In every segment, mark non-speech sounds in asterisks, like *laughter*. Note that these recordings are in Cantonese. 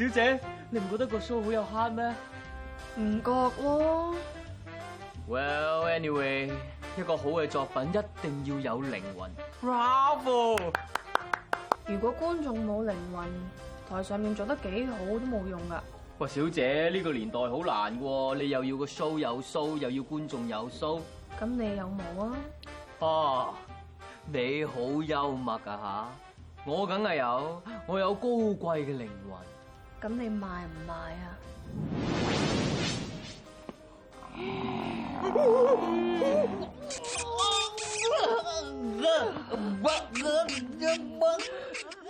小姐，你唔覺得個 show 好有慳咩？唔覺咯。Well anyway，一個好嘅作品一定要有靈魂。Rubble，如果觀眾冇靈魂，台上面做得幾好都冇用噶。喂，小姐呢個年代好難噶，你又要個 show 有 show，又要觀眾有 show，咁你有冇啊？啊，你好幽默噶吓，我梗係有，我有高貴嘅靈魂。咁你賣唔賣啊？ *laughs*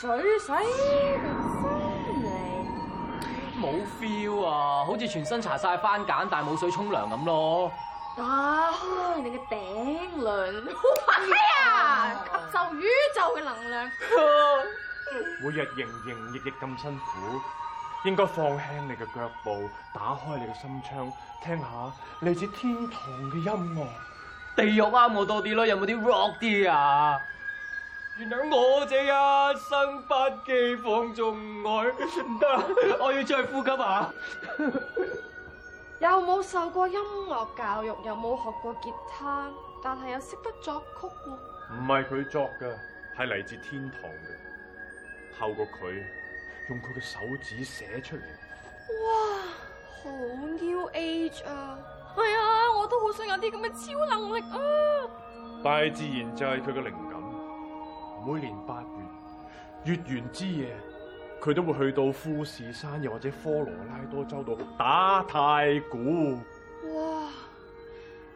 水，水，水洗嘅犀利，冇 feel 啊！好似全身搽晒番梘，但係冇水沖涼咁咯。打開你嘅頂輪，咩啊？吸收宇宙嘅能量。每日營營役役咁辛苦，應該放輕你嘅腳步，打開你嘅心窗，聽下嚟自天堂嘅音樂。地獄啱我多啲咯，有冇啲 rock 啲啊？原諒我這一生不羈放縱愛，唔得，我要出去呼吸下。有 *laughs* 冇受過音樂教育？有冇學過吉他？但係又識得作曲喎、啊？唔係佢作嘅，係嚟自天堂嘅，透過佢用佢嘅手指寫出嚟。哇，好 New Age 啊！係、哎、啊，我都好想有啲咁嘅超能力啊！大自然就係佢嘅靈每年八月月圓之夜，佢都會去到富士山又或者科羅拉多州度打太鼓。哇，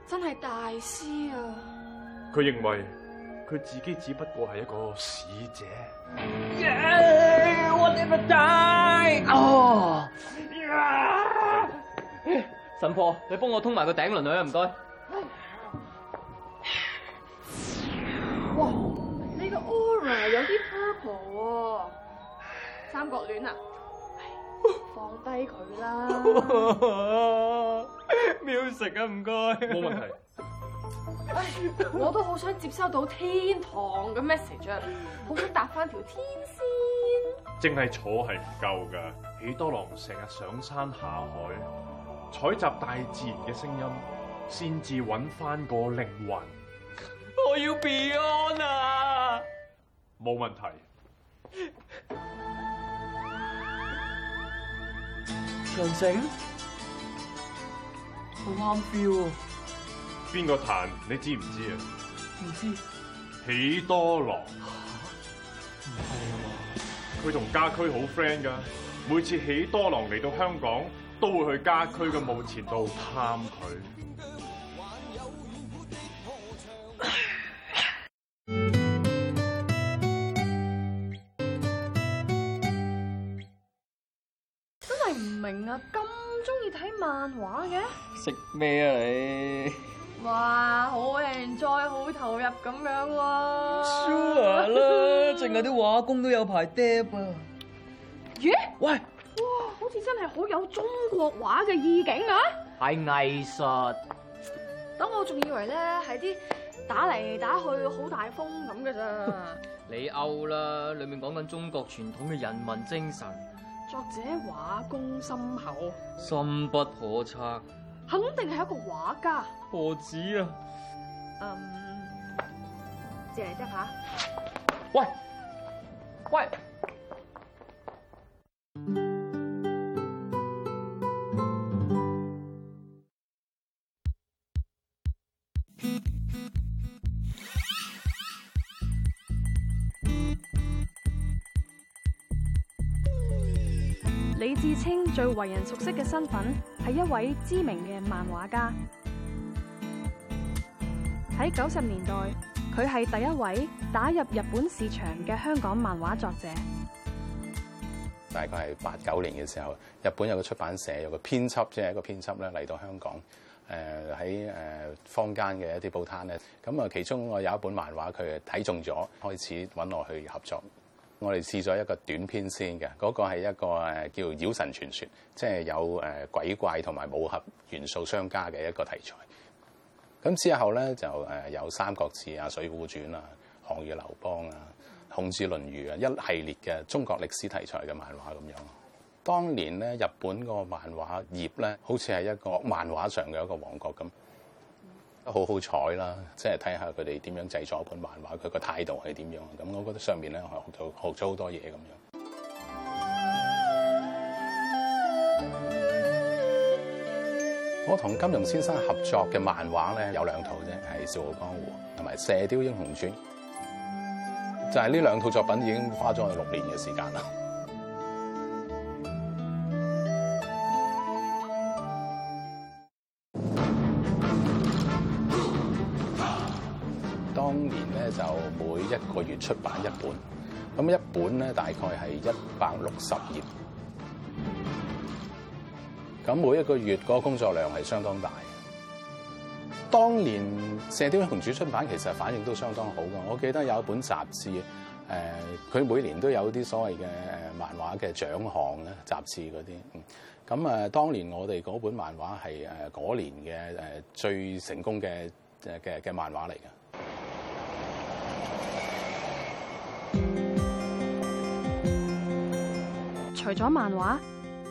真係大師啊！佢認為佢自己只不過係一個使者。哦，yeah, oh. yeah. 神婆，你幫我通埋個頂輪女啊！唔該。三角戀啊，哎、放低佢啦！music 啊，唔該，冇問題。哎、我都好想接收到天堂嘅 message，好想搭翻條天線。淨係坐係唔夠噶，喜多郎成日上山下海，採集大自然嘅聲音，先至揾翻個靈魂。我要 beyond 啊！冇問題。長城，好啱 feel。啊！邊個彈？你知唔知啊？唔知。喜多郎。唔係 *laughs* 啊？佢同家駒好 friend 噶，每次喜多郎嚟到香港，都會去家駒嘅墓前度探佢。漫畫嘅？食咩啊你？哇，好靚仔，好投入咁樣喎。Sure 啦，淨係啲畫工都有排 dead 啊。咦？喂！哇，好似真係好有中國畫嘅意境啊！係藝術。等我仲以為咧係啲打嚟打去好大風咁噶咋。你 out 啦，裏面講緊中國傳統嘅人文精神。或者畫功深厚，深不可測，肯定係一個畫家。何止啊？嗯、um,，借嚟只下，喂，喂。清最為人熟悉嘅身份係一位知名嘅漫畫家。喺九十年代，佢係第一位打入日本市場嘅香港漫畫作者。大概係八九年嘅時候，日本有個出版社有個編輯，即係一個編輯咧嚟,到香港，誒喺誒坊間嘅一啲報攤咧，咁啊，其中我有一本漫畫，佢睇中咗，開始搵我去合作。我哋試咗一個短篇先嘅，嗰個係一個誒叫《妖神傳說》，即係有誒鬼怪同埋武俠元素相加嘅一個題材。咁之後咧就誒有《三國志》啊、《水滸傳》啊、《項羽劉邦》啊、《孔子論語》啊一系列嘅中國歷史題材嘅漫畫咁樣。當年咧，日本個漫畫業咧，好似係一個漫畫上嘅一個王國咁。都好好彩啦，即係睇下佢哋點樣製作一本漫畫，佢個態度係點樣。咁我覺得上面咧學到學咗好多嘢咁樣。 *music* 我同金庸先生合作嘅漫畫咧有兩套啫，係《笑傲江湖》同埋《射雕英雄傳》，就係、是、呢兩套作品已經花咗我六年嘅時間啦。每一個月出版一本，咁一本咧大概係一百六十頁，咁每一個月嗰個工作量係相當大嘅。當年《射雕英雄傳》出版其實反應都相當好嘅，我記得有一本雜誌，誒、呃，佢每年都有啲所謂嘅漫畫嘅獎項咧，雜誌嗰啲，咁誒，當年我哋嗰本漫畫係誒嗰年嘅誒最成功嘅嘅嘅漫畫嚟嘅。除咗漫畫，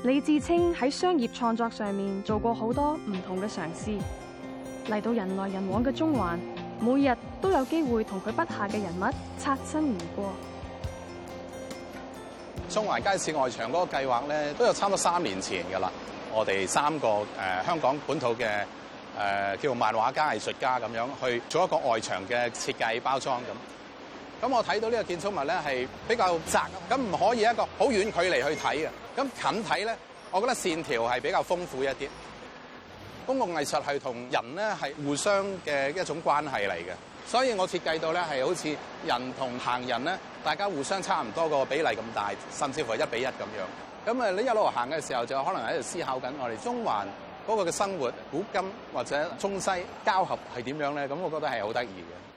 李志清喺商業創作上面做過好多唔同嘅嘗試。嚟到人來人往嘅中環，每日都有機會同佢筆下嘅人物擦身而過。中環街市外牆嗰個計劃咧，都有差唔多三年前噶啦。我哋三個誒、呃、香港本土嘅誒、呃、叫漫畫家、藝術家咁樣去做一個外牆嘅設計包裝咁。咁我睇到呢個建築物咧係比較窄，咁唔可以一個好遠距離去睇嘅。咁近睇咧，我覺得線條係比較豐富一啲。公共藝術係同人咧係互相嘅一種關係嚟嘅，所以我設計到咧係好似人同行人咧，大家互相差唔多個比例咁大，甚至乎係一比一咁樣。咁啊，你一路行嘅時候就可能喺度思考緊我哋中環嗰個嘅生活古今或者中西交合係點樣咧？咁我覺得係好得意嘅。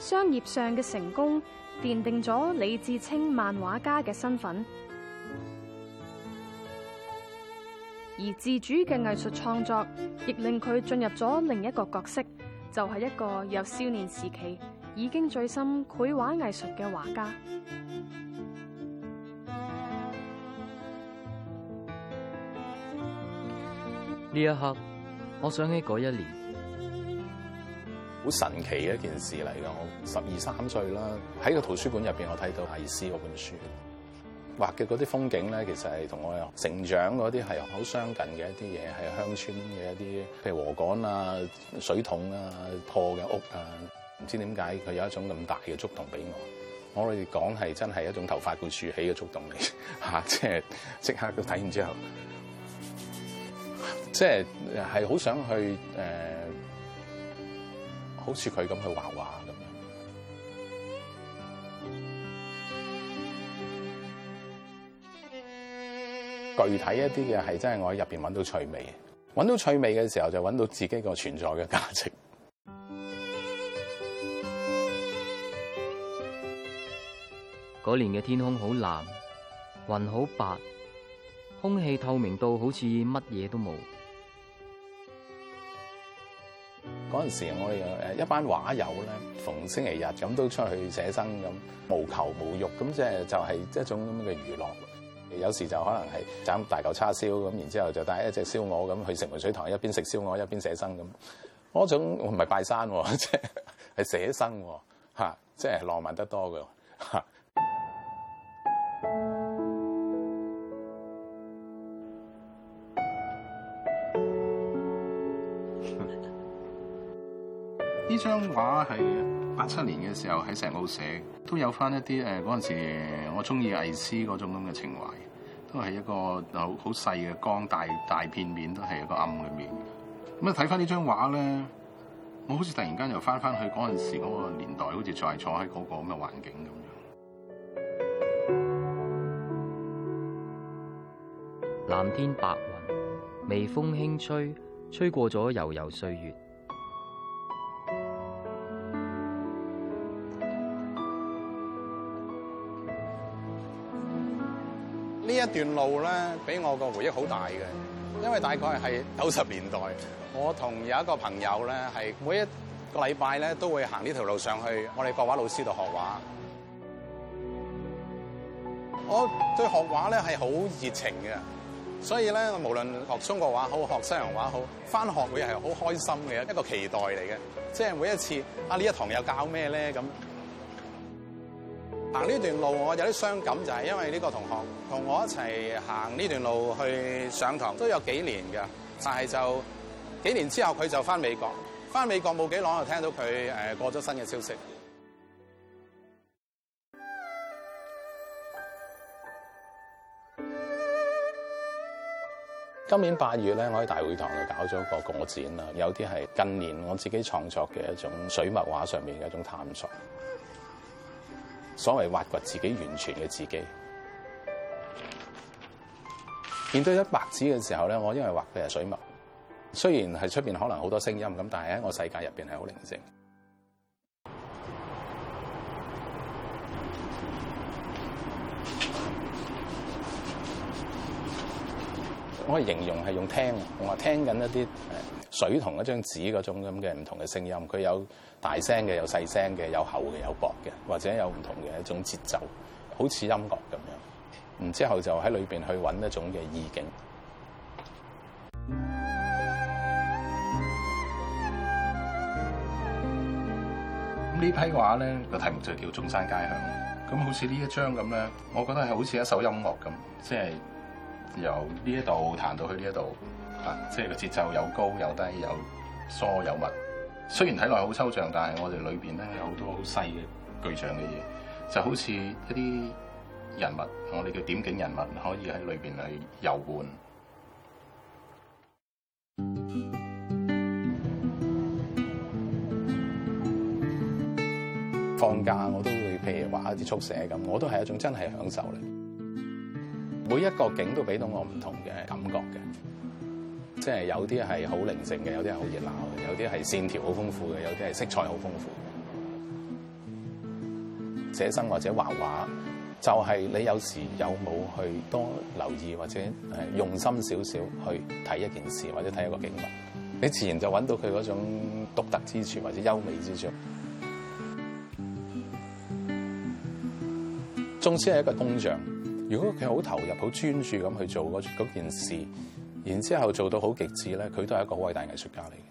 商業上嘅成功奠定咗李志清漫畫家嘅身份，而自主嘅藝術創作亦令佢進入咗另一個角色，就係一個由少年時期已經醉心繪畫藝術嘅畫家。呢一刻，我想起嗰一年。好神奇嘅一件事嚟噶，我十二三歲啦，喺個圖書館入邊，我睇到艾思嗰本書，畫嘅嗰啲風景咧，其實係同我成長嗰啲係好相近嘅一啲嘢，係鄉村嘅一啲，譬如禾杆啊、水桶啊、破嘅屋啊，唔知點解佢有一種咁大嘅觸動俾我。我哋講係真係一種頭髮會豎起嘅觸動嚟，嚇、啊，即係即刻去睇完之後，即係係好想去誒。呃好似佢咁去畫畫咁樣，具體一啲嘅係真係我喺入邊揾到趣味，揾到趣味嘅時候就揾到自己個存在嘅價值。嗰年嘅天空好藍，雲好白，空氣透明到好似乜嘢都冇。嗰陣時，我哋誒一班畫友咧，逢星期日咁都出去寫生咁，無求無欲，咁，即係就係、是、一種咁嘅娛樂。有時就可能係斬大嚿叉燒咁，然之後就帶一隻燒鵝咁去城門水塘，一邊食燒鵝一邊寫生咁。嗰種唔係拜山，即係係寫生喎，即、就、係、是、浪漫得多㗎。嚇。呢張畫係八七年嘅時候喺成澳寫，都有翻一啲。誒，嗰陣時我中意魏斯嗰種咁嘅情懷，都係一個好好細嘅光，大大片面都係一個暗嘅面。咁啊睇翻呢張畫咧，我好似突然間又翻翻去嗰陣時嗰個年代，好似就係坐喺嗰個咁嘅環境咁樣。藍天白雲，微風輕吹，吹過咗悠悠歲月。呢一段路咧，俾我個回憶好大嘅，因為大概係九十年代，我同有一個朋友咧，係每一個禮拜咧都會行呢條路上去我哋國畫老師度學畫。我對學畫咧係好熱情嘅，所以咧無論學中國畫好學西洋畫好，翻學會係好開心嘅一個期待嚟嘅，即係每一次啊呢一堂又教咩咧咁。行呢段路我有啲傷感，就係、是、因為呢個同學同我一齊行呢段路去上堂都有幾年嘅，但係就幾年之後佢就返美國，返美國冇幾耐就聽到佢誒過咗身嘅消息。今年八月咧，我喺大會堂就搞咗個個展啦，有啲係近年我自己創作嘅一種水墨畫上面嘅一種探索。所謂挖掘自己完全嘅自己，見到一白紙嘅時候咧，我因為畫嘅係水墨，雖然係出面可能好多聲音咁，但係喺我世界入面係好寧靜。我係形容係用聽，我話聽緊一啲水同一張紙嗰種咁嘅唔同嘅聲音，佢有大聲嘅，有細聲嘅，有厚嘅，有薄嘅，或者有唔同嘅一種節奏，好似音樂咁樣。然之後就喺裏邊去揾一種嘅意境。咁呢批畫咧個題目就叫中山街響。咁好似呢一張咁咧，我覺得係好似一首音樂咁，即係。由呢一度彈到去呢一度，啊，即係個節奏有高有低有疏有密。雖然睇落好抽象，但係我哋裏邊咧有好多好細嘅具象嘅嘢，就好似一啲人物，我哋叫點景人物，可以喺裏邊去遊玩。放假我都會譬如話一啲速寫咁，我都係一種真係享受嚟。每一個景都俾到我唔同嘅感覺嘅，即係有啲係好寧靜嘅，有啲係好熱鬧嘅，有啲係線條好豐富嘅，有啲係色彩好豐富嘅。寫生或者畫畫，就係、是、你有時有冇去多留意或者用心少少去睇一件事或者睇一個景物，你自然就揾到佢嗰種獨特之處或者優美之處。縱使係一個工匠。如果佢好投入、好專注咁去做嗰件事，然之後做到好極致咧，佢都係一個好偉大藝術家嚟嘅。